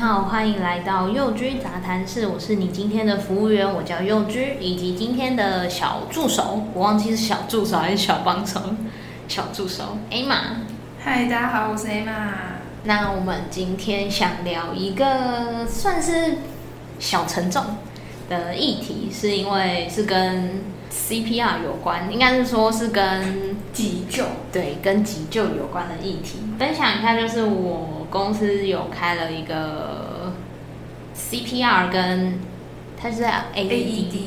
好，歡迎來到祐 G 雜談室。我是你今天的服務員，我叫祐 G，以及今天的小助手。我忘記是小助手還是小幫手，小助手 Emma。嗨，Hi, 大家好，我是 Emma。那我們今天想聊一個算是小沉重的議題，是因為是跟 CPR 有關，應該是說是跟急救，對，跟急救有關的議題，分享一下，就是我。公司有開了一個 CPR 跟他是 AED A ED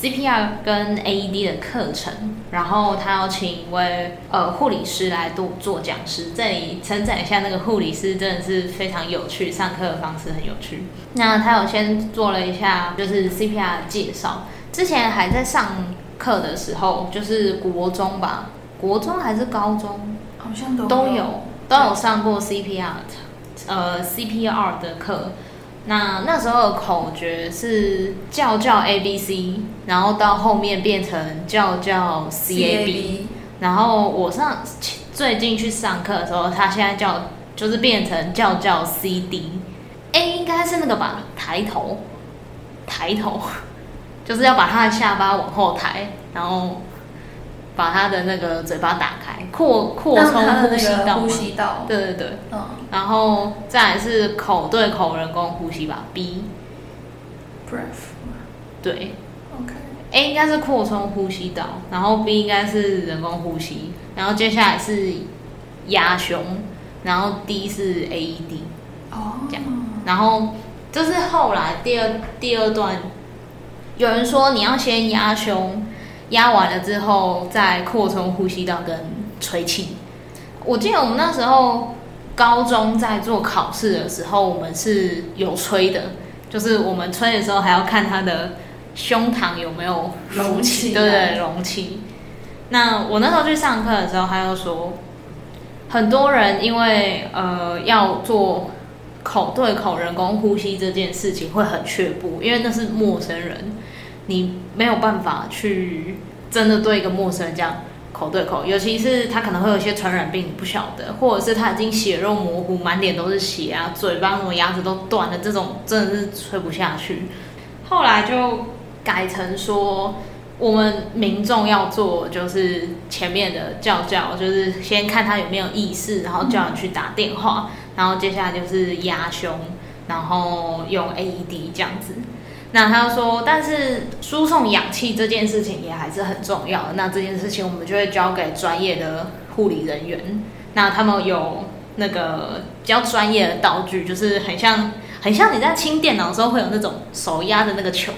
CPR 跟 AED 的課程，然後他要請一位呃護理師來做做講師。這裡承載一下那個護理師真的是非常有趣，上課的方式很有趣。那他有先做了一下就是 CPR 的介紹。之前還在上課的時候，就是國中吧，國中還是高中，好像都都有都有上過 CPR。呃、uh，CPR 的課，那那時候口訣是叫叫 A B C，然後到後面變成叫叫 C, AB, C A B，然後我上最近去上課的時候，他現在叫就是變成叫叫 C D，A、欸、應該是那個吧，抬頭，抬頭，就是要把他的下巴往後抬，然後。把他的那個嘴巴打開，擴擴充呼吸道。呼吸道。對對對。嗯。然後再來是口對口人工呼吸吧。B Breath 嗎。Breath。對。OK。A 應該是擴充呼吸道，然後 B 應該是人工呼吸，然後接下來是壓胸，然後 D 是 AED。哦。這樣。Oh. 然後就是後來第二第二段，有人說你要先壓胸。壓完了之後，再擴充呼吸道跟吹氣。我記得我們那時候高中在做考試的時候，我們是有吹的，就是我們吹的時候還要看他的胸膛有沒有隆起。對，對對，隆起。那我那時候去上課的時候，他就說，很多人因為呃要做口對口人工呼吸這件事情會很怯步，因為那是陌生人。嗯你沒有辦法去真的對一個陌生人這樣口對口，尤其是他可能會有一些傳染病，你不曉得，或者是他已經血肉模糊，滿臉都是血啊，嘴巴什麼牙齒都斷了，這種真的是吹不下去。後來就改成說，我們民眾要做就是前面的叫叫，就是先看他有沒有意識，然後叫你去打電話，然後接下來就是壓胸，然後用 AED 這樣子。那他說，但是輸送氧氣這件事情也還是很重要。那這件事情我們就會交給專業的護理人員。那他們有那個比較專業的道具，就是很像很像你在清電腦的時候會有那種手壓的那個球，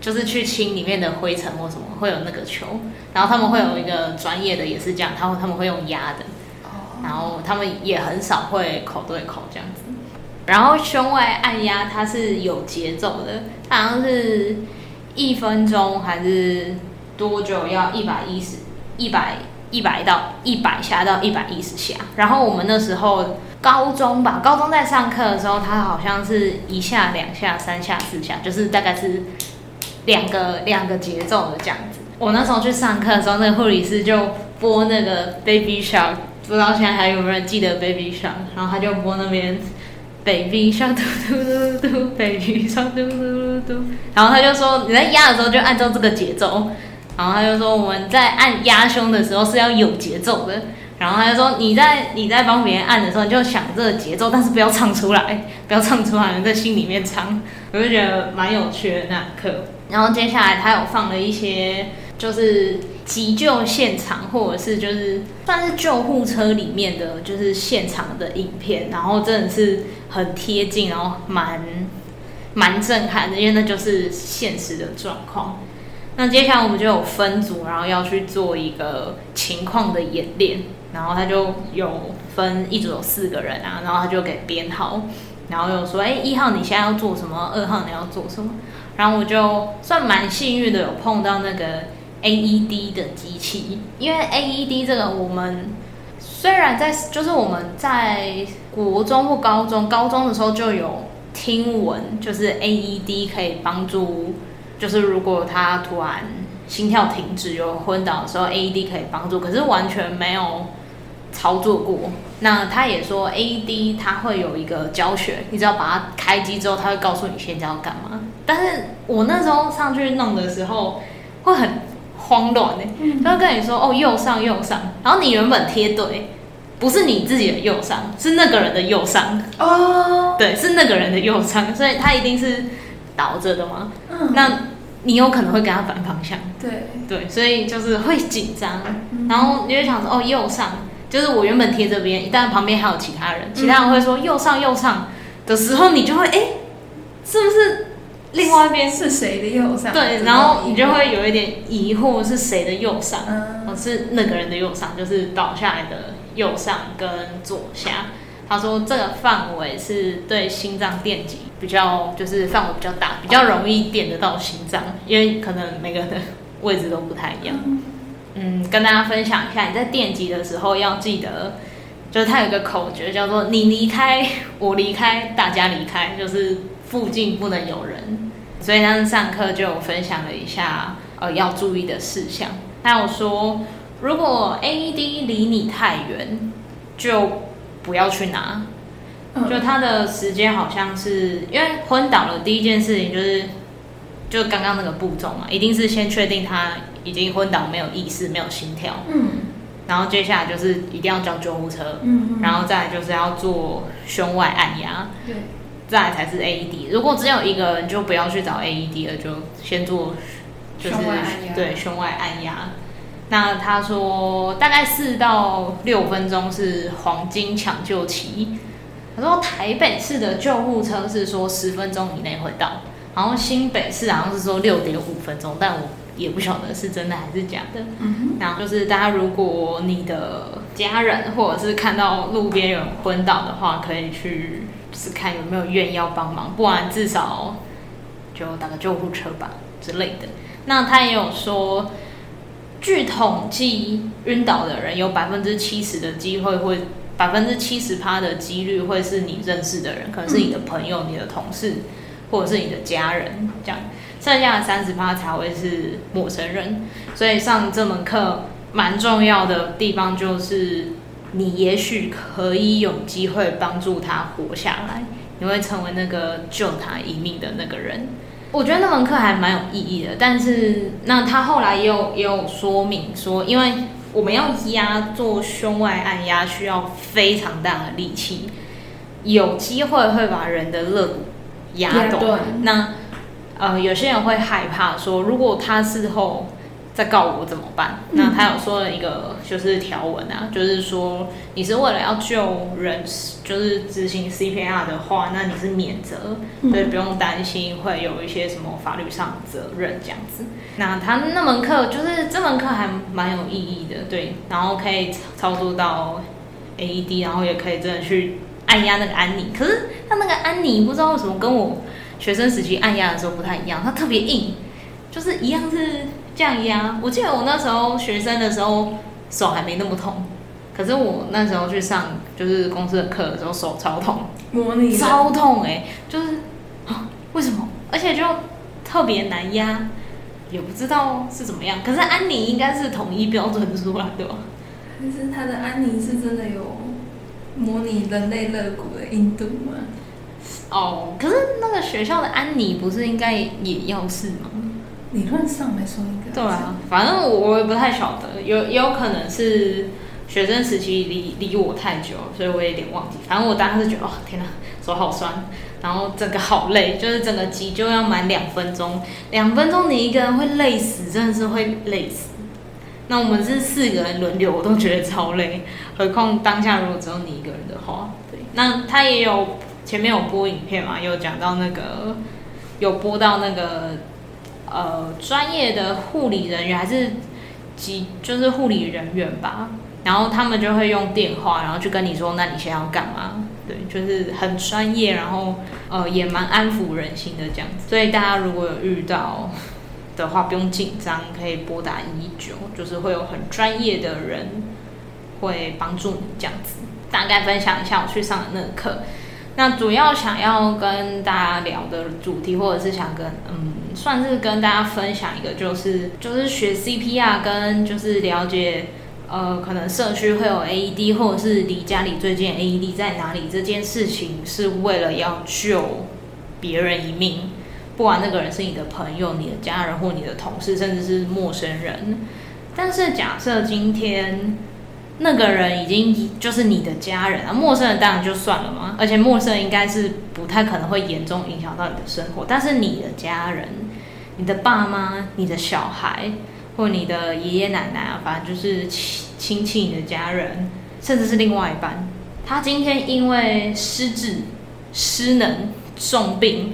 就是去清裡面的灰塵或什麼，會有那個球。然後他們會有一個專業的，也是這樣，他們他們會用壓的。哦。然後他們也很少會口對口這樣子。然後胸外按壓它是有節奏的。好像是一分鐘還是多久要 110, 100, 100？要一百一十、一百一百到一百下到一百一十下。然後我們那時候高中吧，高中在上課的時候，他好像是一下、兩下、三下、四下，就是大概是兩個兩個節奏的這樣子。我那時候去上課的時候，那個護理師就播那個《Baby Shark》，不知道現在還有沒有人記得《Baby Shark》。然後他就播那邊。baby，嘟嘟嘟嘟，baby，嘟嘟嘟嘟。然後他就說，你在壓的時候就按照這個節奏。然後他就說，我們在按壓胸的時候是要有節奏的。然後他就說，你在你在幫別人按的時候，你就想這個節奏，但是不要唱出來，不要唱出來，要在心裡面唱。我就覺得蠻有趣的那一刻。然後接下來他有放了一些，就是。急救現場，或者是就是算是救護車裡面的就是現場的影片，然後真的是很貼近，然後蠻蠻震撼的，因為那就是現實的狀況。那接下來我們就有分組，然後要去做一個情況的演練，然後他就有分一組有四個人啊，然後他就給編號，然後又說：“欸，一號你現在要做什麼？二號你要做什麼？”然後我就算蠻幸運的，有碰到那個。AED 的機器，因為 AED 這個，我們雖然在就是我們在國中或高中、高中的時候就有聽聞，就是 AED 可以幫助，就是如果他突然心跳停止有昏倒的時候，AED 可以幫助，可是完全沒有操作過。那他也說 AED 他會有一個教學，你只要把它開機之後，他會告訴你現在要幹嘛。但是我那時候上去弄的時候，會很。慌亂呢、欸，就會跟你說哦右上、右上，然後你原本貼對，不是你自己的右上，是那個人的右上哦，oh. 對，是那個人的右上，所以他一定是倒着的嘛，嗯，oh. 那你有可能會跟他反方向，對對，所以就是會緊張，然後你會想說哦右上，就是我原本貼這邊，但旁邊還有其他人，其他人會說右上、右上的時候，你就會哎，是不是？另外一邊是誰的右上？對，然後你就會有一點疑惑是誰的右上，哦、嗯，是那個人的右上，就是倒下來的右上跟左下。他說這個範圍是對心臟電擊比較，就是範圍比較大，比較容易電得到心臟，因為可能每個人的位置都不太一樣。嗯，嗯，跟大家分享一下，你在電擊的時候要記得，就是他有個口訣，叫做“你離開，我離開，大家離開”，就是。附近不能有人，所以他們上課就分享了一下，呃，要注意的事項。他有說，如果 AED 離你太遠，就不要去拿。嗯、就他的時間好像是，因為昏倒了第一件事情就是，就剛剛那個步驟嘛，一定是先確定他已經昏倒，沒有意識，沒有心跳。嗯、然後接下來就是一定要叫救護車。嗯、哼然後再來就是要做胸外按壓。對。再來才是 AED，如果只有一個人，就不要去找 AED 了，就先做，就是對胸外按壓。那他說大概四到六分鐘是黃金搶救期。他說台北市的救護車是說十分鐘以內會到，然後新北市好像是說六點五分鐘，但我也不曉得是真的還是假的。嗯哼。然後就是大家，如果你的家人或者是看到路邊有人昏倒的話，可以去。是看有沒有願意要幫忙，不然至少就打個救護車吧之類的。那他也有說，據統計，暈倒的人有百分之七十的機會會，百分之七十趴的幾率會是你認識的人，可能是你的朋友、你的同事，或者是你的家人這樣。剩下的三十趴才會是陌生人。所以上這門課蠻重要的地方就是。你也許可以有機會幫助他活下來，你會成為那個救他一命的那個人。我覺得那門課還蠻有意義的，但是那他後來也有，也有說明說，因為我們要壓做胸外按壓需要非常大的力氣，有機會會把人的肋骨壓斷。對那呃，有些人會害怕說，如果他事後。在告我怎麼辦？那他有說了一個就是條文啊，嗯、就是說你是為了要救人，就是執行 CPR 的話，那你是免責，嗯、所以不用擔心會有一些什麼法律上責任這樣子。那他那門課就是這門課還蠻有意義的，對，然後可以操作到 AED，然後也可以真的去按壓那個安妮。可是他那個安妮不知道為什麼跟我學生時期按壓的時候不太一樣，它特別硬，就是一樣是。這樣壓，我記得我那時候學生的時候手還沒那麼痛，可是我那時候去上就是公司的課的時候手超痛，模擬超痛哎、欸，就是為什麼？而且就特別難壓，也不知道是怎麼樣。可是安妮應該是統一標準出來的對吧？但是他的安妮是真的有模擬人類肋骨的硬度嗎？哦，可是那個學校的安妮不是應該也要是嗎？理論上來說，應該對啊，反正我我也不太曉得，有有可能是學生時期離離我太久，所以我也有點忘記。反正我當時覺得，哦，天啊，手好酸，然後整個好累，就是整個集就要滿兩分鐘，兩分鐘你一個人會累死，真的是會累死。那我們是四個人輪流，我都覺得超累，何況當下如果只有你一個人的話，對。那他也有前面有播影片嘛，有講到那個，有播到那個。呃，專業的護理人員還是幾就是護理人員吧，然後他們就會用電話，然後去跟你說，那你現在要幹嘛？對，就是很專業，然後呃也蠻安撫人心的這樣子。所以大家如果有遇到的話，不用緊張，可以撥打一一九，就是會有很專業的人會幫助你這樣子。大概分享一下我去上的那個課。那主要想要跟大家聊的主題，或者是想跟嗯，算是跟大家分享一個，就是就是學 CPR，跟就是了解呃，可能社區會有 AED，或者是離家裡最近 AED 在哪裡這件事情，是為了要救別人一命，不管那個人是你的朋友、你的家人或你的同事，甚至是陌生人。但是假設今天。那個人已經就是你的家人啊，陌生人當然就算了嘛，而且陌生應該是不太可能會嚴重影響到你的生活。但是你的家人，你的爸媽、你的小孩，或你的爺爺奶奶啊，反正就是親戚、你的家人，甚至是另外一半，他今天因為失智、失能、重病，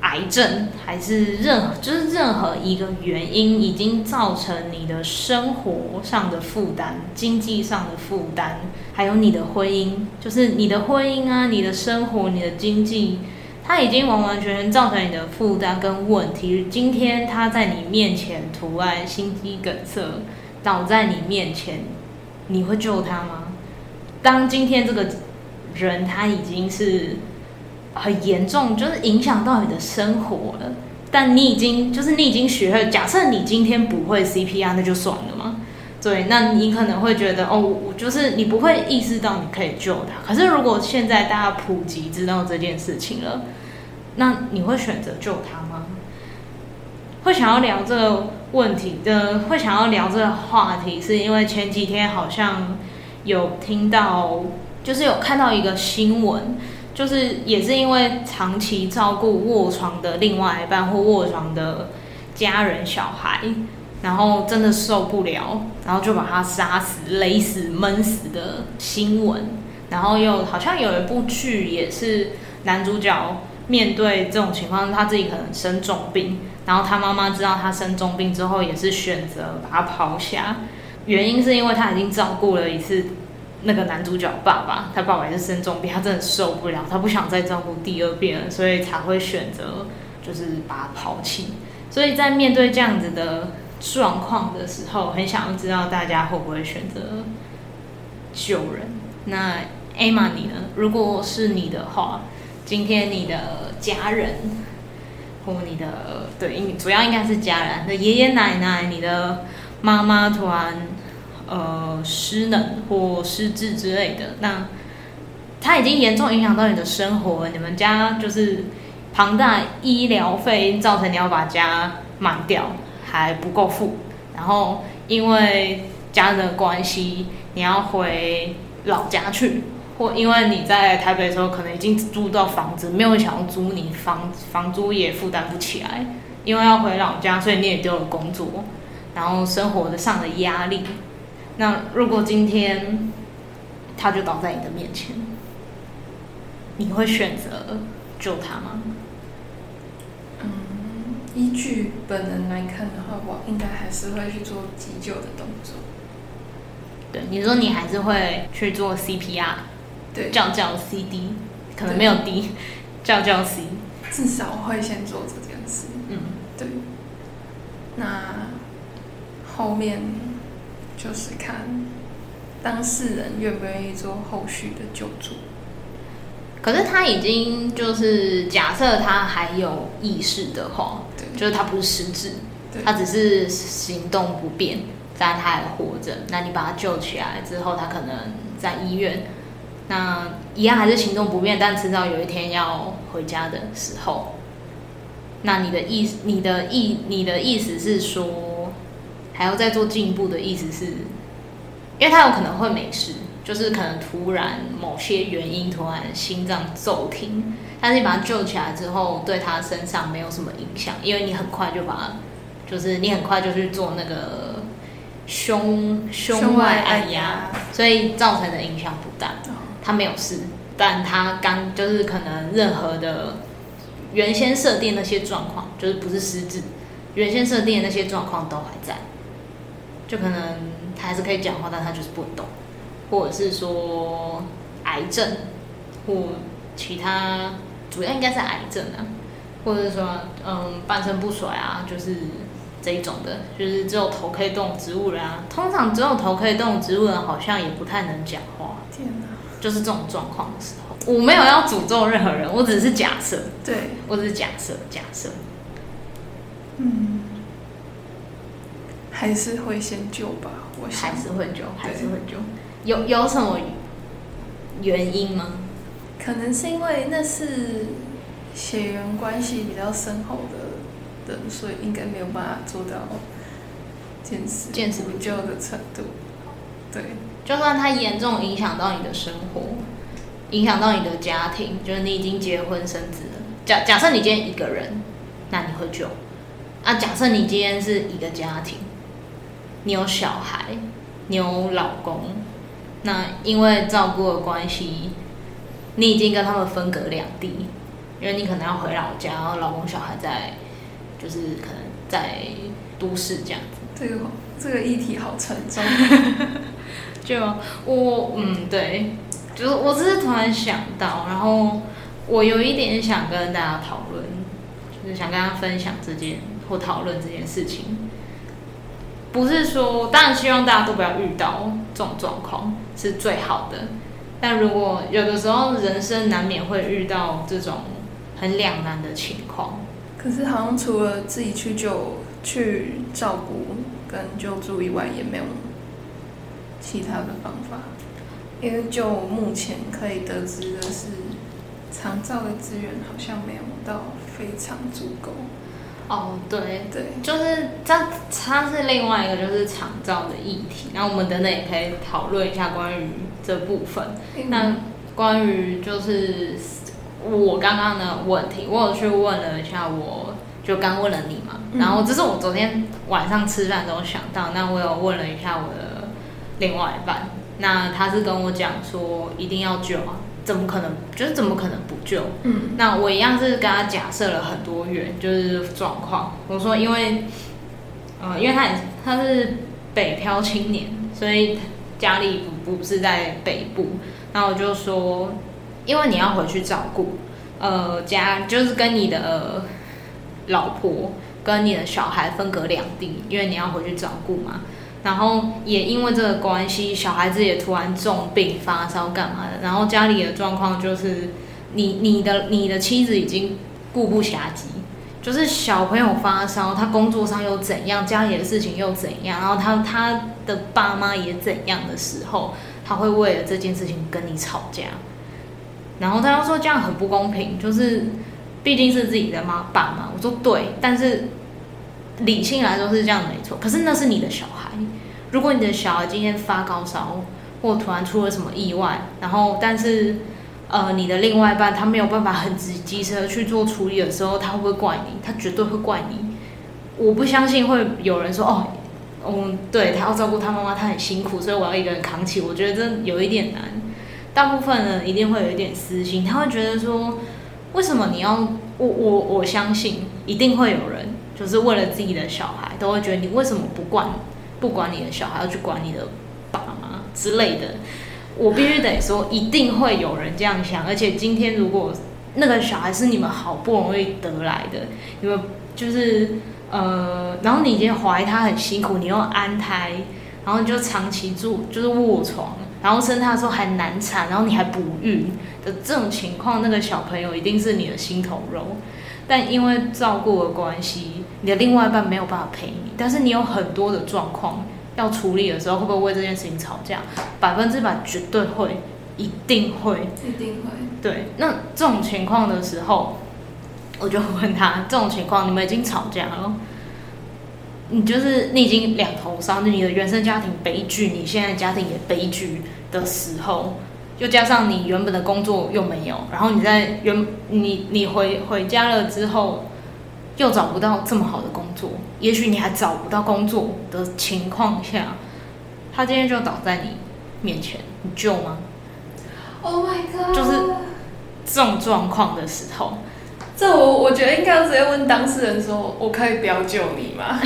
癌症還是任何就是任何一個原因，已經造成你的生活上的負擔、經濟上的負擔，還有你的婚姻，就是你的婚姻啊、你的生活、你的經濟，他已經完完全全造成你的負擔跟問題。今天他在你面前突然，心肌梗塞倒在你面前，你會救他嗎？當今天這個人他已經是。很嚴重，就是影響到你的生活了。但你已經就是你已經學會，假設你今天不會 CPR，那就算了嗎？對，那你可能會覺得哦，我就是你不會意識到你可以救他。可是如果現在大家普及知道這件事情了，那你會選擇救他嗎？會想要聊這個問題的，會想要聊這個話題，是因為前幾天好像有聽到，就是有看到一個新聞。就是也是因為長期照顧臥床的另外一半或臥床的家人小孩，然後真的受不了，然後就把他殺死、勒死、悶死的新聞。然後又好像有一部劇，也是男主角面對這種情況，他自己可能生重病，然後他媽媽知道他生重病之後，也是選擇把他拋下，原因是因為他已經照顧了一次。那個男主角爸爸，他爸爸也是生重病，他真的受不了，他不想再照顧第二遍了，所以才會選擇就是把他拋棄。所以在面對這樣子的狀況的時候，很想要知道大家會不會選擇救人？那 Emma，你呢？如果是你的話，今天你的家人或你的對，主要應該是家人，你的爺爺奶奶、你的媽媽團。呃，失能或失智之類的，那他已經嚴重影響到你的生活了。你們家就是龐大醫療費，造成你要把家賣掉，還不夠付。然後因為家人的關係，你要回老家去，或因為你在台北的時候，可能已經租到房子，沒有想要租你房，房租也負擔不起來。因為要回老家，所以你也丟了工作，然後生活的上的壓力。那如果今天，他就倒在你的面前，你會選擇救他嗎？嗯，依據本能來看的話，我應該還是會去做急救的動作。對，你說你還是會去做 CPR，對，叫叫 CD，可能沒有 D，對叫叫 C，至少我會先做這件事。嗯，對。那後面。就是看當事人願不願意做後續的救助。可是他已經就是假設他還有意識的話，對，就是他不是失智，對他只是行動不便，但他還活着。那你把他救起來之後，他可能在醫院，那一樣還是行動不便，但遲早有一天要回家的時候，那你的意思，你的意，你的意思是說？還要再做進一步的意思是，因為他有可能會沒事，就是可能突然某些原因突然心臟驟停，但是你把他救起來之後，對他身上沒有什麼影響，因為你很快就把，就是你很快就去做那個胸胸外按壓，所以造成的影響不大，他沒有事，但他剛就是可能任何的原先設定那些狀況，就是不是失智，原先設定的那些狀況都還在。就可能他還是可以講話，但他就是不懂，或者是說癌症或其他，主要應該是癌症啊，或者是說嗯半身不遂啊，就是這一種的，就是只有頭可以動植物人啊。通常只有頭可以動植物人好像也不太能講話，天哪、啊，就是這種狀況的時候，我沒有要詛咒任何人，嗯、我只是假設，對，我只是假設假設，嗯。還是會先救吧，我想還是會救，對還是會救。有有什麼原因嗎？可能是因為那是血緣關係比較深厚的人，嗯，所以應該沒有辦法做到見死，見死不救的程度。對，就算他嚴重影響到你的生活，影響到你的家庭，就是你已經結婚生子了。假假設你今天一個人，那你會救？啊，假設你今天是一個家庭。你有小孩，你有老公，那因為照顧的關係，你已經跟他們分隔兩地，因為你可能要回老家，然後老公小孩在，就是可能在都市這樣子。這個這個議題好沉重。 就我嗯，對，就是我只是突然想到，然後我有一點想跟大家討論，就是想跟大家分享這件或討論這件事情。不是說，當然希望大家都不要遇到這種狀況是最好的。但如果有的時候，人生難免會遇到這種很兩難的情況。可是好像除了自己去救、去照顧跟救助以外，也沒有其他的方法。因為就目前可以得知的是，長照的資源好像沒有到非常足夠。哦、oh，對對，就是這，它是另外一個就是長照的議題，那我們等等也可以討論一下關於這部分。那、嗯、關於就是我剛剛的問題，我有去問了一下，我就剛問了你嘛，嗯、然後這是我昨天晚上吃飯的時候想到，那我有問了一下我的另外一半，那他是跟我講說一定要救啊怎麼可能？就是怎麼可能不救？嗯，那我一樣是跟他假設了很多元，就是狀況。我說，因為，呃，因為他也他是北漂青年，所以家裡不不是在北部。那我就說，因為你要回去照顧，呃，家就是跟你的老婆跟你的小孩分隔兩地，因為你要回去照顧嘛。然後也因為這個關係，小孩子也突然重病發燒幹嘛的。然後家裡的狀況就是你，你你的你的妻子已經顧不暇及，就是小朋友發燒，他工作上又怎樣，家裡的事情又怎樣，然後他他的爸媽也怎樣的時候，他會為了這件事情跟你吵架。然後他要說這樣很不公平，就是畢竟是自己的媽爸媽。我說對，但是理性來說是這樣沒錯。可是那是你的小孩。如果你的小孩今天發高燒，或突然出了什麼意外，然後但是，呃，你的另外一半他沒有辦法很直機車去做處理的時候，他會不會怪你？他絕對會怪你。我不相信會有人說哦，嗯，哦，對他要照顧他媽媽，他很辛苦，所以我要一個人扛起。我覺得這有一點難。大部分人一定會有一點私心，他會覺得說，為什麼你要我？我我相信一定會有人就是為了自己的小孩，都會覺得你為什麼不怪你？不管你的小孩要去管你的爸媽之類的，我必須得說，一定會有人這樣想。而且今天如果那個小孩是你們好不容易得來的，因為就是呃，然後你已經懷他很辛苦，你又安胎，然後你就長期住就是臥床，然後生他的時候還難產，然後你還不孕的這種情況，那個小朋友一定是你的心頭肉。但因為照顧的關係。你的另外一半沒有辦法陪你，但是你有很多的狀況要處理的時候，會不會為這件事情吵架？百分之百絕對會，一定會。一定會。對，那這種情況的時候，我就問他：這種情況你們已經吵架了，你就是你已經兩頭傷，你的原生家庭悲劇，你現在家庭也悲劇的時候，又加上你原本的工作又沒有，然後你在原，你你回回家了之後。又找不到這麼好的工作，也許你還找不到工作的情況下，他今天就倒在你面前，你救嗎？Oh my God！就是這種狀況的時候，這我我覺得應該要直接問當事人說：“我可以不要救你嗎？”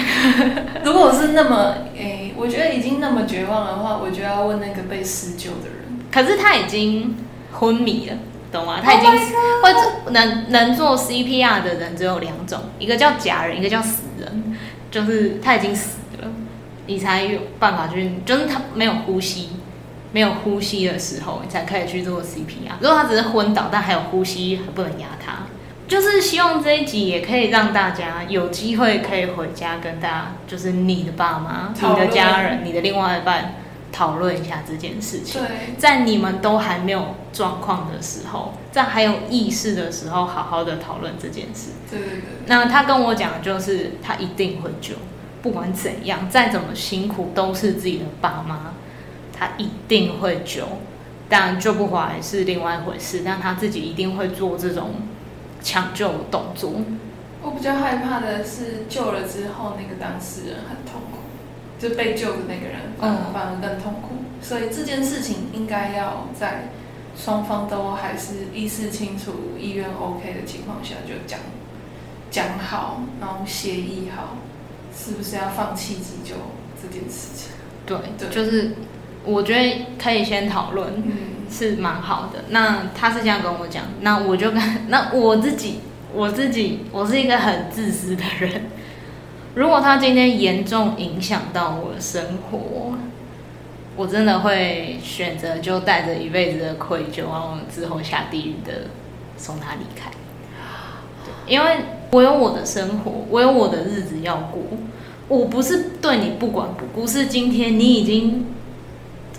如果是那麼誒、欸，我覺得已經那麼絕望的話，我就要問那個被施救的人。可是他已經昏迷了。懂嗎？他已經或者能能做 CPR 的人只有兩種，一個叫假人，一個叫死人，就是他已經死了，你才有辦法去，就是他沒有呼吸，沒有呼吸的時候，你才可以去做 CPR。如果他只是昏倒，但還有呼吸，還不能壓他，就是希望這一集也可以讓大家有機會可以回家跟大家，就是你的爸媽、超累。你的家人、你的另外一半。討論一下這件事情，對在你們都還沒有狀況的時候，在還有意識的時候，好好的討論這件事。對對對。那他跟我講，就是他一定會救，不管怎樣，再怎麼辛苦，都是自己的爸媽，他一定會救。當然，救不回來是另外一回事，但他自己一定會做這種搶救動作。我比較害怕的是，救了之後那個當事人很痛。就被救的那個人，嗯，反而更痛苦，嗯、所以這件事情應該要在雙方都還是意識清楚、意願 OK 的情況下就，就講講好，然後協議好，是不是要放棄急救這件事情？對，對就是我覺得可以先討論，是蠻好的。嗯、那他是這樣跟我講，那我就跟那我自己，我自己，我是一個很自私的人。如果他今天嚴重影響到我的生活，我真的會選擇就帶着一輩子的愧疚，然後之後下地獄的送他離開。因為我有我的生活，我有我的日子要過，我不是對你不管不顧。是今天你已經，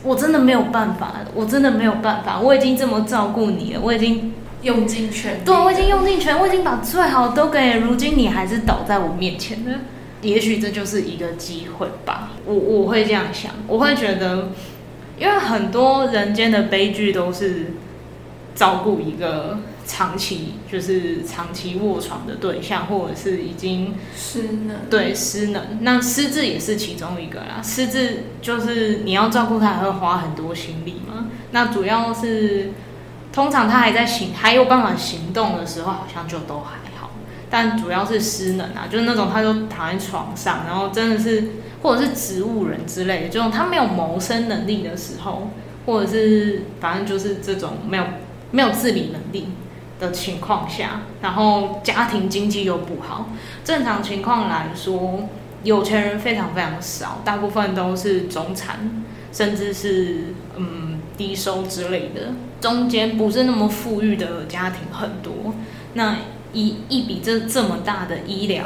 我真的沒有辦法，我真的沒有辦法，我已經這麼照顧你了，我已經用盡全， 對，我已經用盡全力，我已經把最好的都給，如今你還是倒在我面前的。也許這就是一個機會吧，我我會這樣想，我會覺得，因為很多人間的悲劇都是照顧一個長期，就是長期臥床的對象，或者是已經失能，對，失能，那失智也是其中一個啦。失智就是你要照顧他，還會花很多心力嘛。那主要是，通常他還在行，還有辦法行動的時候，好像就都還。但主要是失能啊，就是那種他就躺在床上，然後真的是，或者是植物人之類的，這種他沒有謀生能力的時候，或者是反正就是這種沒有沒有自理能力的情況下，然後家庭經濟又不好。正常情況來說，有錢人非常非常少，大部分都是中產，甚至是嗯低收甚至是，嗯，低收之類的，中間不是那麼富裕的家庭很多。那。一一筆這這麼大的醫療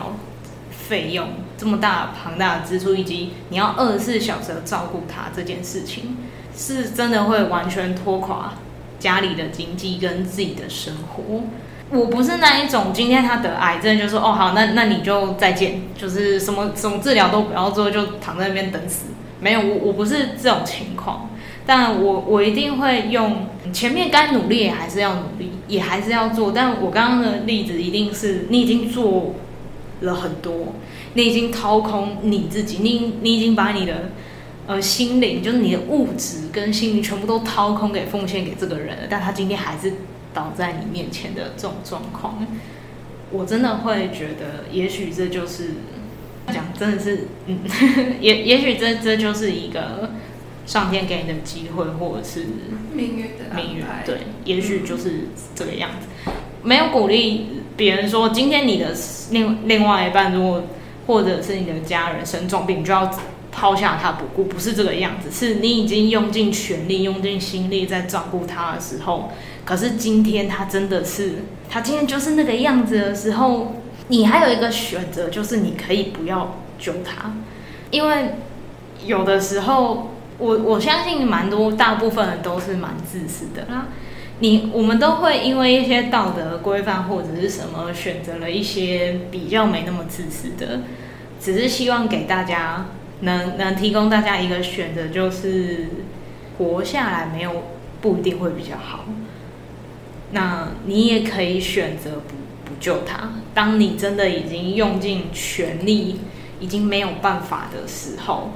費用，這麼大的龐大的支出，以及你要二十四小時照顧他這件事情，是真的會完全拖垮家裡的經濟跟自己的生活。我不是那一種今天他得癌症就說、是、哦好那那你就再見，就是什麼什麼治療都不要做，就躺在那邊等死。沒有，我我不是這種情況。但我我一定會用前面該努力也還是要努力，也還是要做。但我剛剛的例子一定是你已經做了很多，你已經掏空你自己，你你已經把你的呃心靈，就是你的物質跟心靈全部都掏空給奉獻給這個人了。但他今天還是倒在你面前的這種狀況，我真的會覺得，也許這就是，講真的是，嗯，也也許這這就是一個。上天給你的機會，或者是命運的命運，對，也許就是這個樣子。嗯、沒有鼓勵別人說，今天你的另另外一半，如果或者是你的家人生重病，你就要拋下他不顧，不是這個樣子。是你已經用盡全力，用盡心力在照顧他的時候，可是今天他真的是，他今天就是那個樣子的時候，你還有一個選擇，就是你可以不要救他，因為有的時候，我我相信蠻多大部分人都是蠻自私的啦。你我們都會因為一些道德規範或者是什麼選擇了一些比較沒那麼自私的，只是希望給大家能能提供大家一個選擇，就是活下來沒有不一定會比較好。那你也可以選擇不不救他。當你真的已經用盡全力，已經沒有辦法的時候。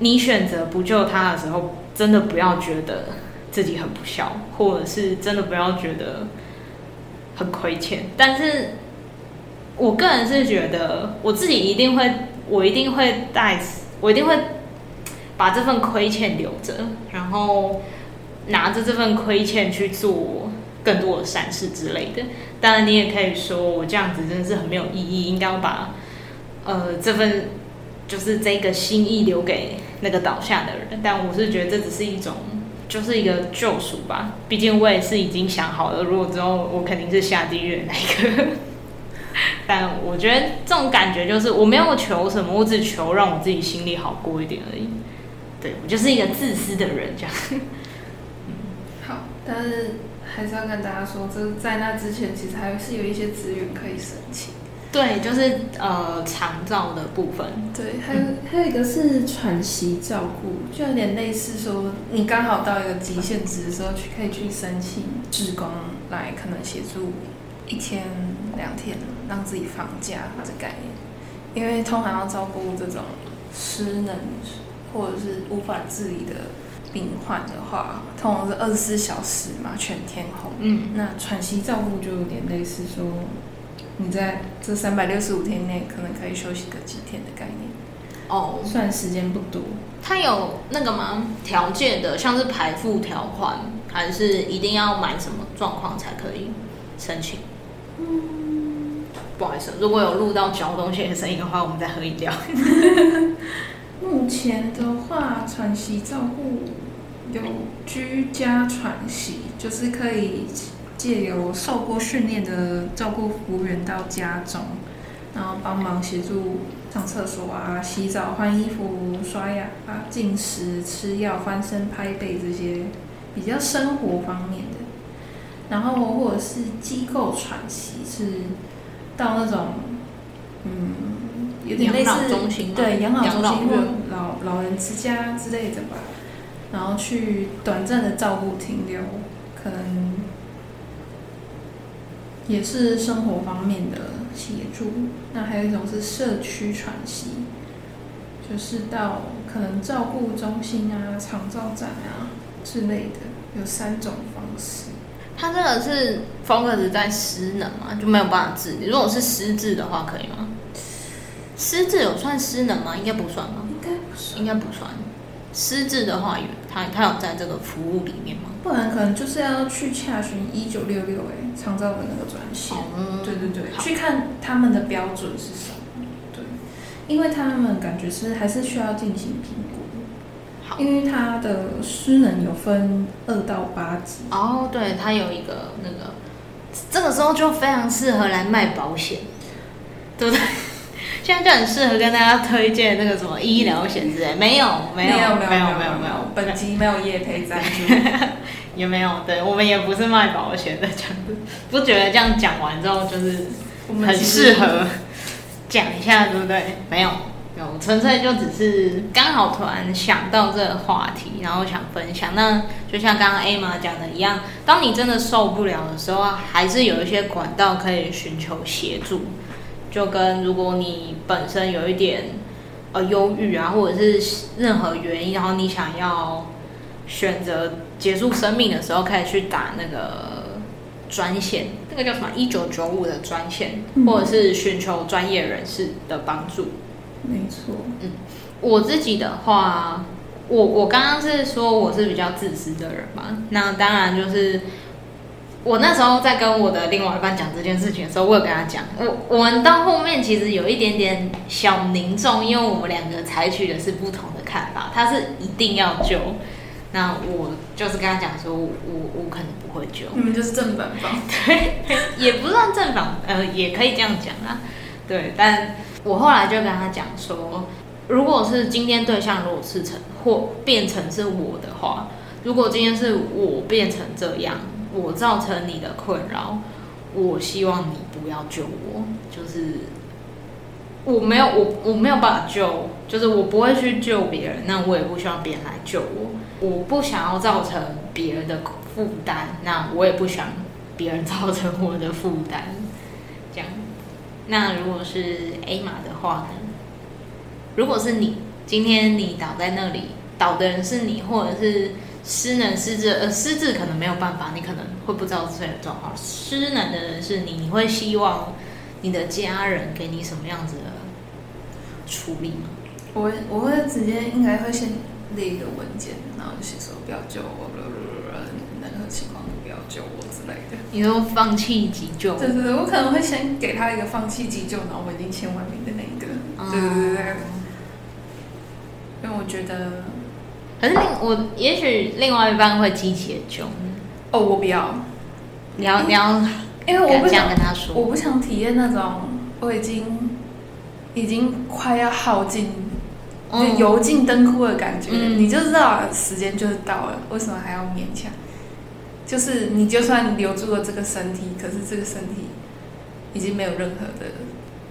你選擇不救他的時候，真的不要覺得自己很不孝，或者是真的不要覺得很虧欠。但是我個人是覺得，我自己一定會，我一定會帶，我一定會把這份虧欠留着，然後拿着這份虧欠去做更多的善事之類的。當然，你也可以說，我這樣子真的是很沒有意義，應該要把呃這份就是這個心意留給。那個倒下的人，但我是覺得這只是一種，就是一個救贖吧。畢竟我也是已經想好了，如果之後我肯定是下地獄的那一個。但我覺得這種感覺就是我沒有求什麼，我只求讓我自己心裡好過一點而已。對，我就是一個自私的人這樣。好，但是還是要跟大家說，就是在那之前其實還是有一些資源可以申請。對，就是呃，長照的部分。對，還有還有一個是喘息照顧，嗯、就有點類似說，你剛好到一個極限值的時候，嗯、去可以去申請志工來可能協助一天兩天，讓自己放假這概念。因為通常要照顧這種失能或者是無法自理的病患的話，通常是二十四小時嘛，全天候。嗯。那喘息照顧就有點類似說。你在這三百六十五天內可能可以休息個幾天的概念，哦，算時間不多。它有那個嗎？條件的，像是賠付條款，還是一定要買什麼狀況才可以申請？嗯，不好意思，如果有錄到嚼東西的聲音的話，我們再喝飲料。 目前的話，喘息照顧有居家喘息，就是可以，借由受過訓練的照顧服務員到家中，然後幫忙協助上廁所啊、洗澡、換衣服、刷牙啊、進食、吃藥、翻身拍、拍背這些比較生活方面的。然後或者是機構喘息，是到那種、嗯、有點類似對養老中心、老心老老人之家之類的吧，然後去短暫的照顧停留，可能。也是生活方面的協助，那還有一種是社區喘息，就是到可能照顧中心啊、長照站啊之類的，有三種方式。它這個是 focus 在失能啊，就沒有辦法治。你如果是失智的話，可以嗎？失智有算失能嗎？應該不算吧？應該不算，應該不算。失智的話，他他有在這個服務裡面嗎？不然可能就是要去洽詢一九六六誒，長照的那個專線。Oh. 對對對，好去看他們的標準是什麼？對，因為他們感覺是還是需要進行評估。對因為他的失能有分二到八級。哦，oh, 對，他有一個那個，這個時候就非常適合來賣保險，嗯、對不對？現在就很適合跟大家推薦那個什麼醫療險之類，沒有，沒有，沒有，沒有，沒有，沒有。本集沒有業配贊助 也沒有。對我們也不是賣保險的，這樣子。不覺得這樣講完之後就是很適合講一下，對不對？沒有，沒有，純粹就只是剛好突然想到這個話題，然後想分享。那就像剛剛 Emma 講的一樣，當你真的受不了的時候，還是有一些管道可以尋求協助。就跟如果你本身有一點呃憂鬱啊，或者是任何原因，然後你想要選擇結束生命的時候，可以去打那個專線，那個叫什麼一九九五的專線，嗯、或者是尋求專業人士的幫助。沒錯，嗯，我自己的話，我我剛剛是說我是比較自私的人嘛，那當然就是。我那時候在跟我的另外一半講這件事情的時候，我有跟他講，我我們到後面其實有一點點小凝重，因為我們兩個採取的是不同的看法。他是一定要救，那我就是跟他講說，我我，我可能不會救。你們就是正反方， 對，也不算正反，呃，也可以這樣講啊。對，但我後來就跟他講說，如果是今天對象如果是成或變成是我的話，如果今天是我變成這樣。我造成你的困擾，我希望你不要救我。就是我沒有我我沒有辦法救，就是我不會去救別人，那我也不希望別人來救我。我不想要造成別人的負擔，那我也不想別人造成我的負擔。這樣。那如果是 A 碼的話呢？如果是你，今天你倒在那裡，倒的人是你，或者是？失能失智，呃，失智可能沒有辦法，你可能會不知道自己的狀況。失能的人是你，你會希望你的家人給你什麼樣子的處理嗎？我會我會直接應該會先立一個文件，嗯、然後寫說不要救我，任何情況都不要救我之類的。你說放棄急救？對對對，我可能會先給他一個放棄急救，然後我已經簽完名的那一個。嗯、對對對，因為我覺得。可是另，我也許另外一半會激起的救哦，我不要，你要你要，因為、欸要欸、我不想跟他說，我不想體驗那種我已經已經快要耗盡、就油盡燈枯的感覺。嗯、你就知道時間就是到了，為什麼還要勉強？就是你就算你留住了這個身體，可是這個身體已經沒有任何的，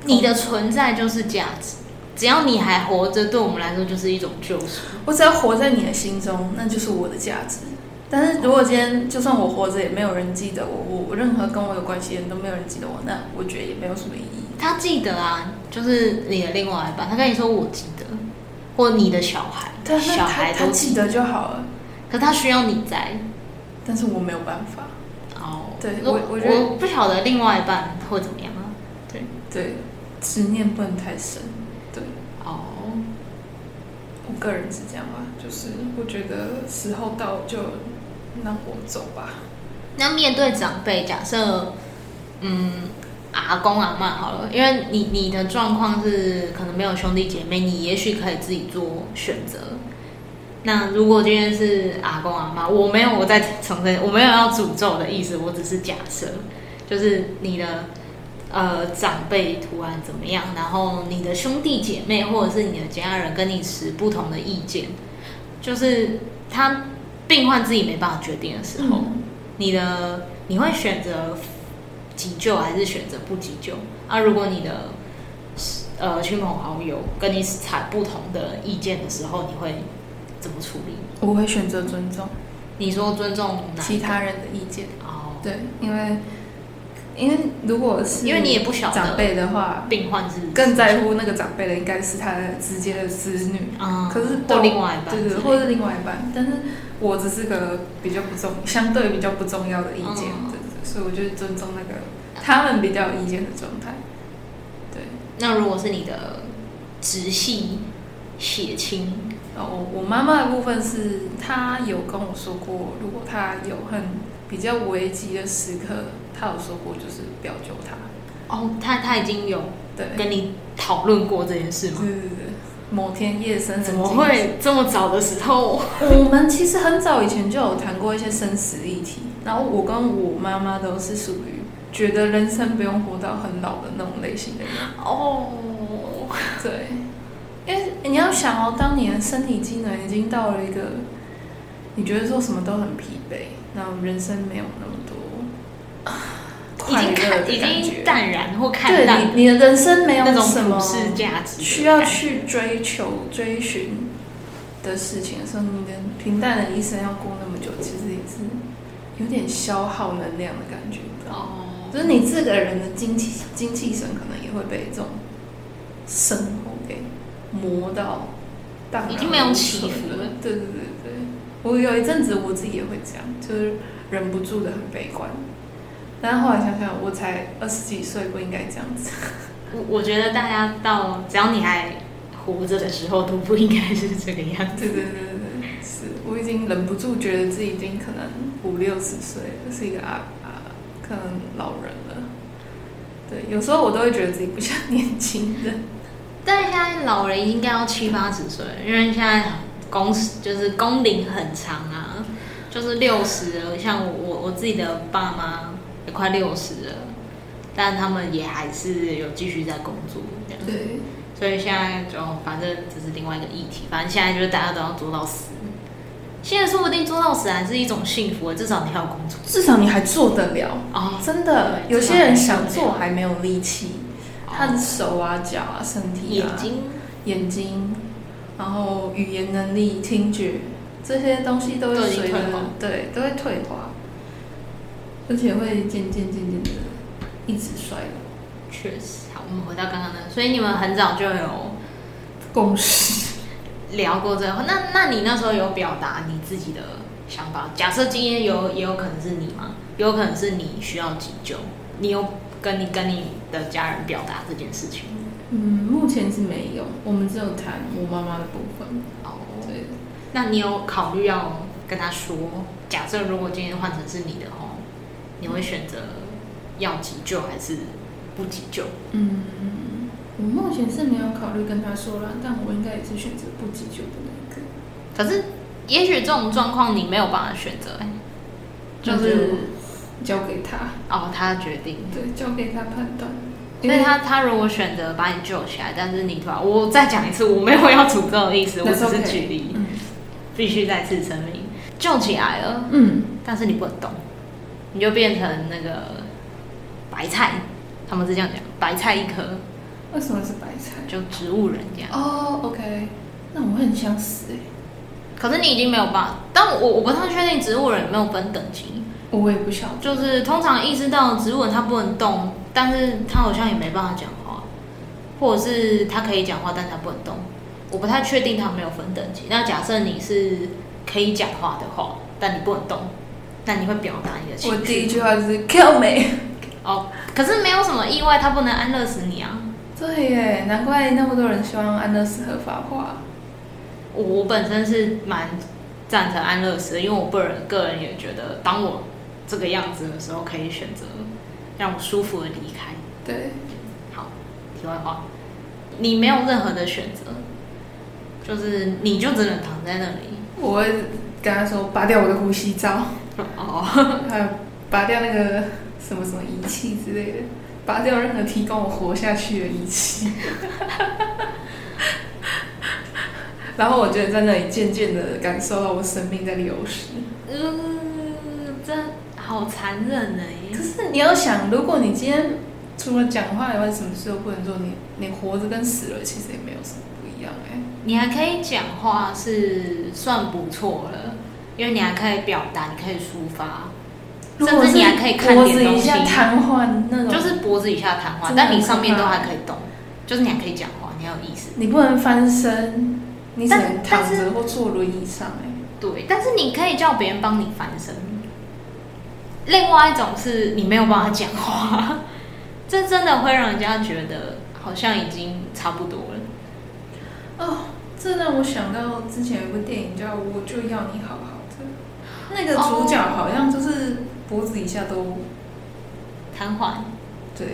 你的存在就是價值。只要你還活着，對我們來說就是一種救贖。我只要活在你的心中，嗯、那就是我的價值。但是如果今天、哦、就算我活着，也沒有人記得我，我，我任何跟我有關係的人都沒有人記得我，那我覺得也沒有什麼意義。他記得啊，就是你的另外一半，他跟你說我記得，或你的小孩，嗯、他小孩都記得，他記得就好了。可他需要你在，但是我沒有辦法。哦，對，我我我不曉得另外一半會怎麼樣啊。對對，執念不能太深。我個人是這樣嘛，就是我覺得時候到就讓我走吧。那面對長輩，假設，嗯，阿公阿媽好了，因為你你的狀況是可能沒有兄弟姐妹，你也許可以自己做選擇。那如果今天是阿公阿媽，我沒有我再重申，我沒有要詛咒的意思，我只是假設，就是你的。呃，長輩突然怎麼樣？然後你的兄弟姐妹或者是你的家人跟你持不同的意見，就是他病患自己沒辦法決定的時候，嗯、你的你會選擇急救還是選擇不急救？啊，如果你的呃親朋好友跟你持不同的意見的時候，你會怎麼處理？我會選擇尊重，你說尊重其他人的意見哦，對，因為。因為如果是因為你也不曉得長輩的話，病患更在乎那個長輩的，應該是他的直接的子女。啊，可是都另外一半，對對，或者是另外一半。但是我只是個比較不重，相對比較不重要的意見，嗯、所以我就尊重那個他們比較有意見的狀態。對，那如果是你的直系血親，嗯、哦，我媽媽的部分是她有跟我說過，如果她有很比較危急的時刻，他有說過就是表救他哦，oh, 他他已經有對跟你討論過這件事嗎？對對對，某天夜深，深，怎麼會這麼早的時候？ 我們其實很早以前就有談過一些生死議題。然後我跟我媽媽都是屬於覺得人生不用活到很老的那種類型的人。哦，oh. 對，因為你要想哦、啊，當你的身體機能已經到了一個，你覺得做什麼都很疲憊。那人生沒有那麼多快樂的感覺已，已經淡然或看淡。你你的人生沒有那種什麼價值，需要去追求、追尋的事情，所以你的平淡的一生要過那麼久，其實也是有點消耗能量的感覺。哦，就是你這個人的精氣、精氣神，可能也會被這種生活給磨到，已經沒有起伏了。對對對。我有一陣子我自己也會這樣，就是忍不住的很悲觀。但後來想想，我才二十幾歲，不應該這樣子。我我覺得大家到只要你還活着的時候，都不應該是這個樣子。對對對對，是。我已經忍不住覺得自己已經可能五六十歲了，是一個啊可能老人了。對，有時候我都會覺得自己不像年輕人。但現在老人應該要七八十歲，因為現在。工就是工齡很長啊，就是六十了，像我我，我自己的爸媽也快六十了，但他們也還是有繼續在工作。對，所以現在就反正只是另外一個議題，反正現在就是大家都要做到死。現在說不定做到死還是一種幸福啊。至少你還有工作，至少你還做得了啊！真的，有些人想做還沒有力氣，看、啊、手啊、腳啊、身體啊、眼睛、眼睛。然後語言能力、聽覺這些東西都會隨着都退化，對，都會退化，而且會漸漸漸漸，漸的一直衰老。確實，好，我們回到剛剛的，所以你們很早就有共識 聊過這個。那那你那時候有表達你自己的想法？假設今天有也有可能是你嗎？有可能是你需要急救？你有跟你跟你的家人表達這件事情？嗯，目前是沒有，我們只有談我媽媽的部分。哦，對了。那你有考慮要跟他說？假設如果今天換成是你的話，哦、你會選擇要急救還是不急救？嗯，我目前是沒有考慮跟他說了，但我應該也是選擇不急救的那個。可是，也許這種狀況你沒有辦法選擇，嗯，就是那就交給他哦，他決定，對，交給他判斷。因為他他如果選擇把你救起來，但是你把，我再講一次，Okay. 我沒有要詛咒的意思，That's okay. 我只是舉例。嗯、必須再次聲明，救起來了，嗯，但是你不能動，你就變成那個白菜，他們是這樣講，白菜一顆。為什麼是白菜？就植物人這樣。哦、oh,，OK，那我會很想死。欸，可是你已經沒有辦法，但我我不太確定植物人有沒有分等級，我也不曉得。就是通常意識到植物人他不能動。但是他好像也沒辦法講話，或者是他可以講話，但他不能動。我不太確定他沒有分等級。那假設你是可以講話的話，但你不能動，那你會表達你的情緒。我的第一句話、就是、oh, kill me。哦，可是沒有什麼意外，他不能安樂死你啊？對耶，難怪那麼多人希望安樂死合法化。我本身是蠻贊成安樂死的，因為我個人個人也覺得，當我這個樣子的時候，可以選擇、嗯。讓我舒服的離開。對，好。題外話，你沒有任何的選擇，就是你就只能躺在那裡。我會跟他說，拔掉我的呼吸罩。哦，還有拔掉那個什麼什麼儀器之類的，拔掉任何提供我活下去的儀器。 然後我就在那裡漸漸的感受到我生命在流失。嗯，真好殘忍呢、欸。可是你要想，如果你今天除了講話以外，什麼事都不能做，你你活着跟死了其實也沒有什麼不一樣哎、欸。你還可以講話，是算不錯了，嗯、因為你還可以表達，你可以抒發，甚至你還可以看點東西。癱瘓那種，就是脖子以下癱瘓，那種但你上面都還可以動，是就是你還可以講話，你還有意思。你不能翻身，你只能躺着或坐輪椅上哎、欸。對，但是你可以叫別人幫你翻身。另外一種是你沒有辦法講話呵呵，這真的會讓人家覺得好像已經差不多了。哦，這讓我想到之前有部電影叫《我就要你好好的》，那個主角好像就是脖子以下都癱瘓，哦嗯、對，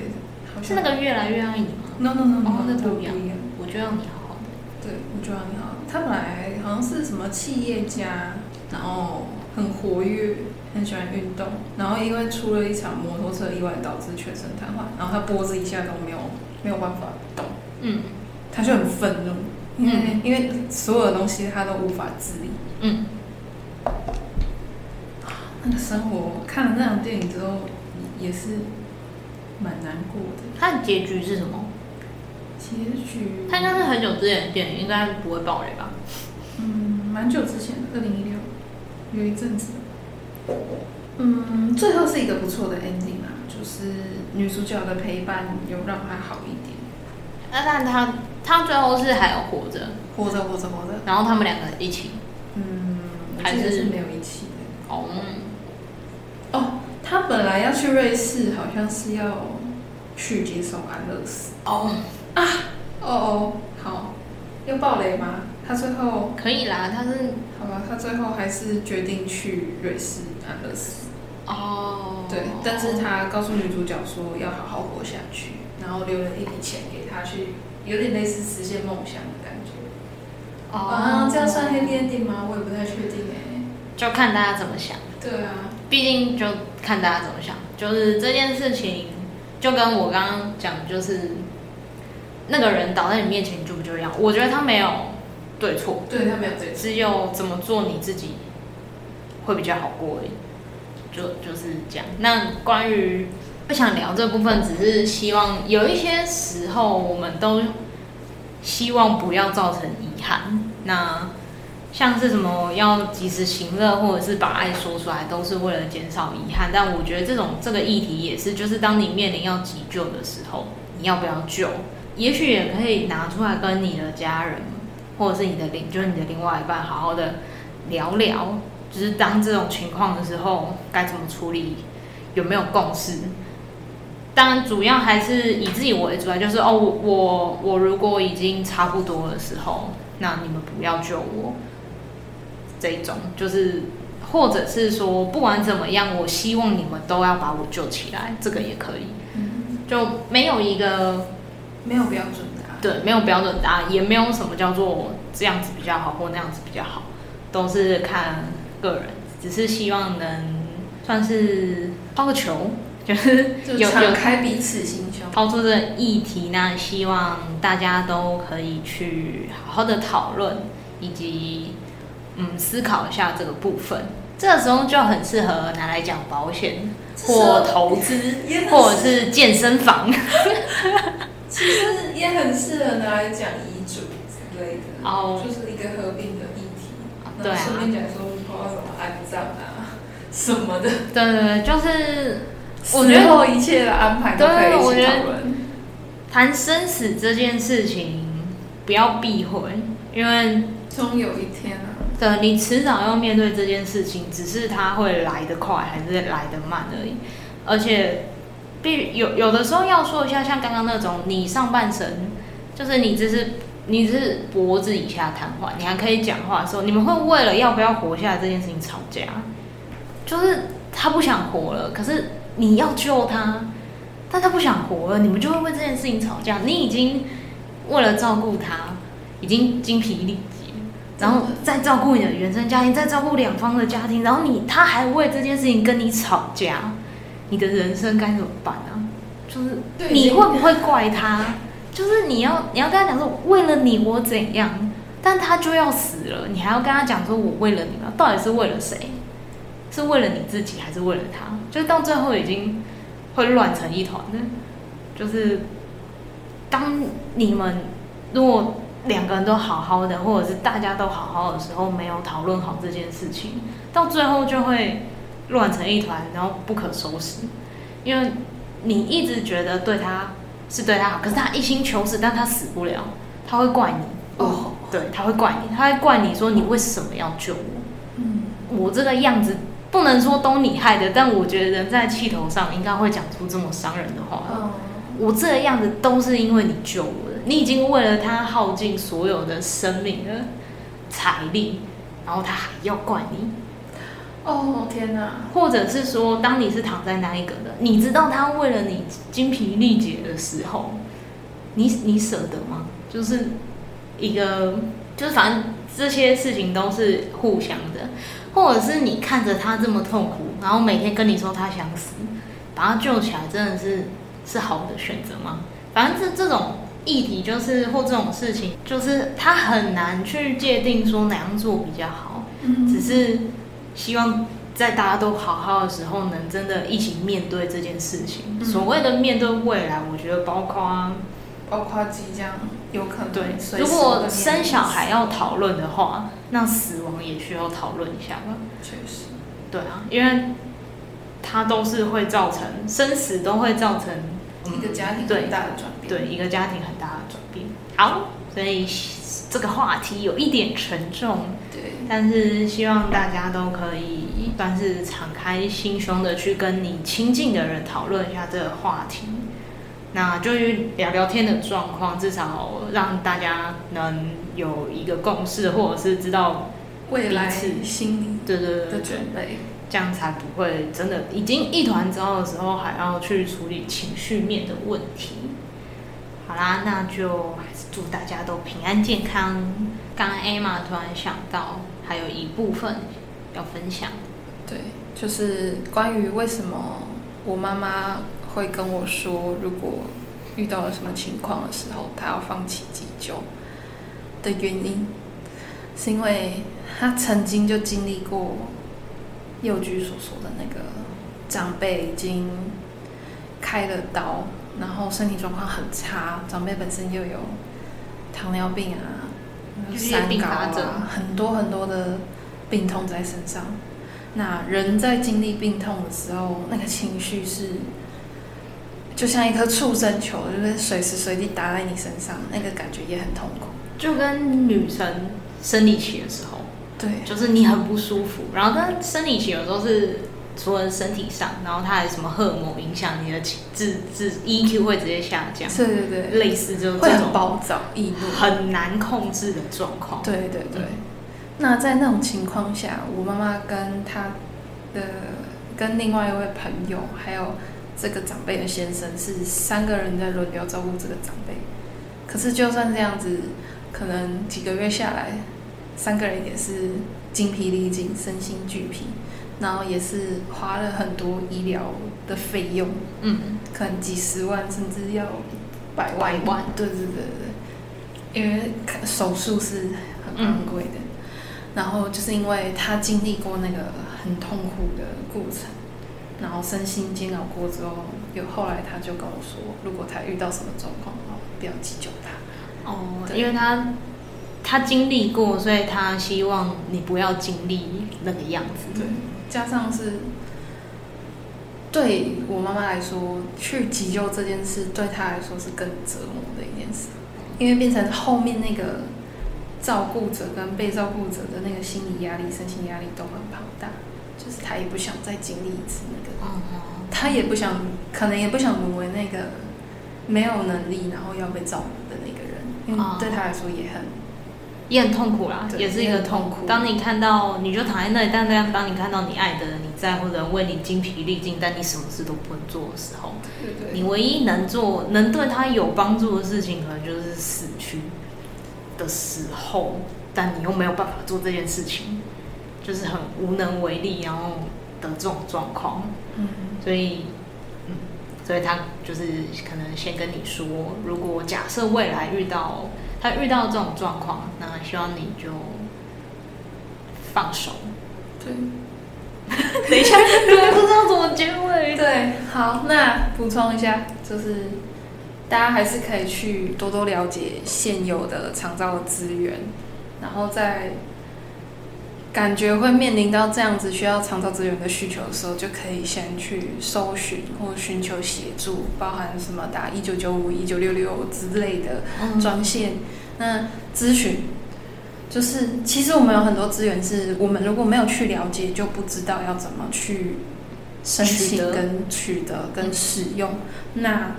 好像是那個越來越愛你嗎？No No No，no，哦，那都不要演，我就要你好好的。對，我就要你好好的。他本來好像是什麼企業家，然後很活躍。很喜歡運動，然後因為出了一場摩托車意外，導致全身癱瘓，然後他脖子以下都沒有沒有辦法動。嗯，他就很憤怒，因為、嗯嗯、因為所有的東西他都無法自理。嗯，那個生活看了那場電影之後也是蠻難過的。他的結局是什麼？結局？他應該是很久之前的電影，應該是不會爆雷吧？嗯，蠻久之前的，二零一六有一陣子。嗯，最後是一個不錯的 ending 啊，就是女主角的陪伴又讓她好一點。那、啊、但她她最後是還要活着，活着活着活着，然後他們兩個人一起，嗯，還是，是沒有一起的哦。嗯、哦，她本來要去瑞士，好像是要去接受安樂死。哦啊，哦哦，好，又爆雷嗎？他最後可以啦，他是好吧，他最後還是決定去瑞士。哦，oh, 對，但是他告訴女主角說要好好活下去，嗯、然後留了一筆錢給她去，有點類似實現夢想的感覺。哦、oh，這樣算黑天，天定嗎？我也不太確定哎、欸，就看大家怎麼想。對啊，畢竟就看大家怎麼想。就是這件事情，就跟我剛剛講，就是那個人倒在你面前，你就不就一樣？我覺得他沒有對錯，對，他沒有對錯，只有怎麼做你自己。會比較好過，欸，就就是這樣。那關於不想聊這部分，只是希望有一些時候我們都希望不要造成遺憾。那像是什麼要及時行樂，或者是把愛說出來，都是為了減少遺憾。但我覺得這種這個議題也是，就是當你面臨要急救的時候，你要不要救？也許也可以拿出來跟你的家人，或者是你的另，就是你的另外一半，好好的聊聊。就是當這種情況的時候該怎麼處理，有沒有共識？當然，主要還是以自己為主，要就是哦，我我如果已經差不多的時候，那你們不要救我。這一種就是，或者是說，不管怎麼樣，我希望你們都要把我救起來，這個也可以。嗯，就沒有一個，沒有標準的，啊，對，沒有標準答案，啊，也沒有什麼叫做這樣子比較好或那樣子比較好，都是看。個人只是希望能算是拋個球，就是有 有開彼此心胸，拋出這議題，那希望大家都可以去好好的討論，以及嗯思考一下這個部分。這個時候就很適合拿來講保險是或投資，是或者是健身房。 其實是也很適合拿來講遺囑之類的哦，oh, 就是一個合併的議題，對。順便講說。Oh. 什麼安葬啊，什麼的。對對對，就是我覺得一切的安排都可以一起討論。談生死這件事情不要避諱，因為終有一天、啊、對，你遲早要面對這件事情，只是它會來得快還是來得慢而已。而且必有有的時候要說一下，像剛剛那種，你上半身就是你只是。你是脖子以下癱瘓，你還可以講話的時候，你們會為了要不要活下來這件事情吵架，就是他不想活了，可是你要救他，但他不想活了，你們就會為這件事情吵架。你已經為了照顧他已經精疲力竭，然後再照顧你的原生家庭，再照顧兩方的家庭，然後你他還為這件事情跟你吵架，你的人生該怎麼辦啊？就是你會不會怪他？就是你要你要跟他講說為了你我怎樣，但他就要死了，你還要跟他講說我為了你嗎？到底是為了誰？是為了你自己還是為了他？就是到最後已經會亂成一團，就是當你們如果兩個人都好好的，或者是大家都好好的時候，沒有討論好這件事情，到最後就會亂成一團，然後不可收拾。因為你一直覺得對他。是對他好，可是他一心求死，但他死不了，他會怪你哦。嗯、對，他會怪你，他會怪你說，你為什麼要救我？嗯、我這個樣子不能說都你害的，但我覺得人在氣頭上應該會講出這麼傷人的話。嗯、我這個樣子都是因為你救我的，你已經為了他耗盡所有的生命的財力，然後他還要怪你。哦、oh, 天哪！或者是說，當你是躺在那一個的，你知道他為了你精疲力竭的時候，你你捨得嗎？就是一個，就是反正這些事情都是互相的，或者是你看着他這麼痛苦，然後每天跟你說他想死，把他救起來，真的是是好的選擇嗎？反正這這種議題就是或這種事情，就是他很難去界定說哪樣做比較好，嗯，只是。希望在大家都好好的時候，能真的一起面對這件事情。嗯、所謂的面對未來，我覺得包括包括即將有可能對，如果生小孩要討論的話，那死亡也需要討論一下吧、嗯、確實，對啊，因為他都是會造成生死都會造成一個家庭很大的轉變，對,對一個家庭很大的轉變。對好，所以這個話題有一點沉重。對。但是希望大家都可以，算是敞開心胸的去跟你親近的人討論一下這個話題，那就去聊聊天的狀況，至少讓大家能有一個共識，或者是知道彼此心理對對對的準備，這樣才不會真的已經一團糟的時候，還要去處理情緒面的問題。好啦，那就還是祝大家都平安健康。剛剛 Emma 突然想到。還有一部分要分享，對，就是關於為什麼我媽媽會跟我說，如果遇到了什麼情況的時候，她要放棄急救的原因，是因為她曾經就經歷過祐 G 所說的那個長輩已經開了刀，然後身體狀況很差，長輩本身又有糖尿病啊。就是病很多很多的病痛在身上。那人在經歷病痛的時候，那個情緒是就像一顆觸身球，就是隨時隨地打在你身上，那個感覺也很痛苦。就跟女生生理期的時候，對，就是你很不舒服。然後但生理期有時候是。除了身體上，然後他還有什麼荷爾蒙影響你的情智智 EQ 會直接下降，對對對，類似就是這種暴躁易怒、很難控制的狀況。對對對。對那在那種情況下，我媽媽跟她的跟另外一位朋友，還有這個長輩的先生，是三個人在輪流照顧這個長輩。可是就算這樣子，可能幾個月下來，三個人也是精疲力盡，身心俱疲。然後也是花了很多醫療的費用，嗯，嗯，可能幾十萬，甚至要百萬百萬。對對對對，因為手術是很昂貴的。嗯、然後就是因為他經歷過那個很痛苦的過程，嗯、然後身心煎熬過之後，有後來他就跟我說，如果他遇到什麼狀況的話，不要急救他。哦，對因為他他經歷過，嗯、所以他希望你不要經歷那個樣子。對。加上是，對我媽媽來說，去急救這件事對她來說是更折磨的一件事，因為變成後面那個照顧者跟被照顧者的那個心理壓力、身心壓力都很龐大，就是她也不想再經歷一次那個，她也不想，可能也不想淪為那個沒有能力然後要被照顧的那個人，因為，對她來說也很。也很痛苦啦，對也是一個痛苦。當你看到你就躺在那裡，但這樣當你看到你愛的人、你在乎的人為你精疲力盡，但你什麼事都不能做的時候，對對對，你唯一能做、能對他有幫助的事情，可能就是死去的時候，但你又沒有辦法做這件事情，嗯、就是很無能為力，然後的這種狀況。嗯，所以，嗯，所以他就是可能先跟你說，如果假設未來遇到。他遇到這種狀況，那希望你就放手。對， 等一下，對， 不知道怎麼結尾？對，好，那補充一下，就是大家還是可以去多多了解現有的長照的資源，然後再。感覺會面臨到這樣子需要長照資源的需求的時候，就可以先去搜尋或尋求協助，包含什麼打一九九五、一九六六之類的專線，嗯、那諮詢就是，其實我們有很多資源，是我們如果沒有去了解，就不知道要怎麼去申請、跟取得、跟使用。嗯、那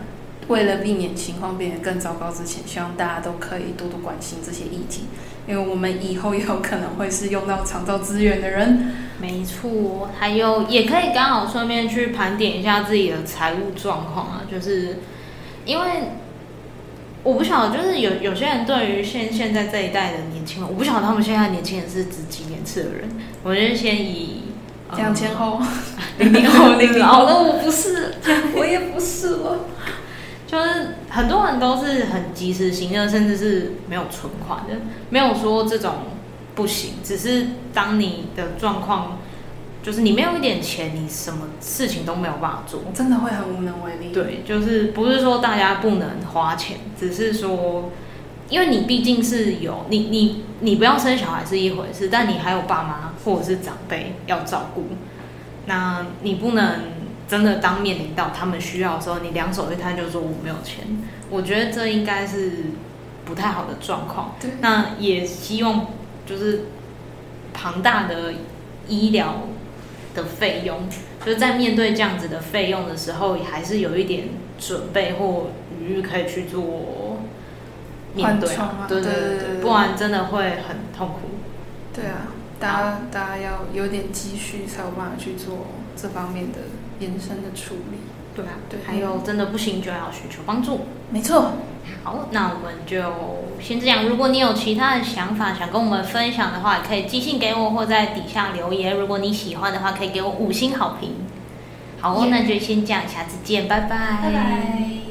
為了避免情況變得更糟糕之前，希望大家都可以多多關心這些議題。因為我們以後有可能會是用到長照資源的人。沒錯、哦，還有也可以剛好順便去盤點一下自己的財務狀況啊，就是因為我不曉得，就是有有些人對於現現在這一代的年輕人，我不曉得他們現在年輕人是指幾年次的人，我就先以兩千後零零後零零後的我不是， 我也不是了。就是很多人都是很及時行樂，甚至是沒有存款的，沒有說這種不行。只是當你的狀況，就是你沒有一點錢，你什麼事情都沒有辦法做，真的會很無能為力。對，就是不是說大家不能花錢，只是說，因為你畢竟是有，你你你不要生小孩是一回事，但你還有爸媽或者是長輩要照顧，那你不能，嗯。真的當面臨到他們需要的時候，你兩手一攤就說我沒有錢，我覺得這應該是不太好的狀況。對那也希望就是龐大的醫療的費用，就是在面對這樣子的費用的時候，也還是有一點準備或餘裕可以去做面對，啊。啊、對，對，對對對，不然真的會很痛苦。對啊，大家大家要有點積蓄才有辦法去做這方面的延伸的處理，對啊，對，還有真的不行就要尋求幫助，沒錯。好，那我們就先這樣。如果你有其他的想法想跟我們分享的話，可以寄信給我或在底下留言。如果你喜歡的話，可以給我五星好評。好，Yeah. 那就先這樣，下次見，拜拜，拜拜。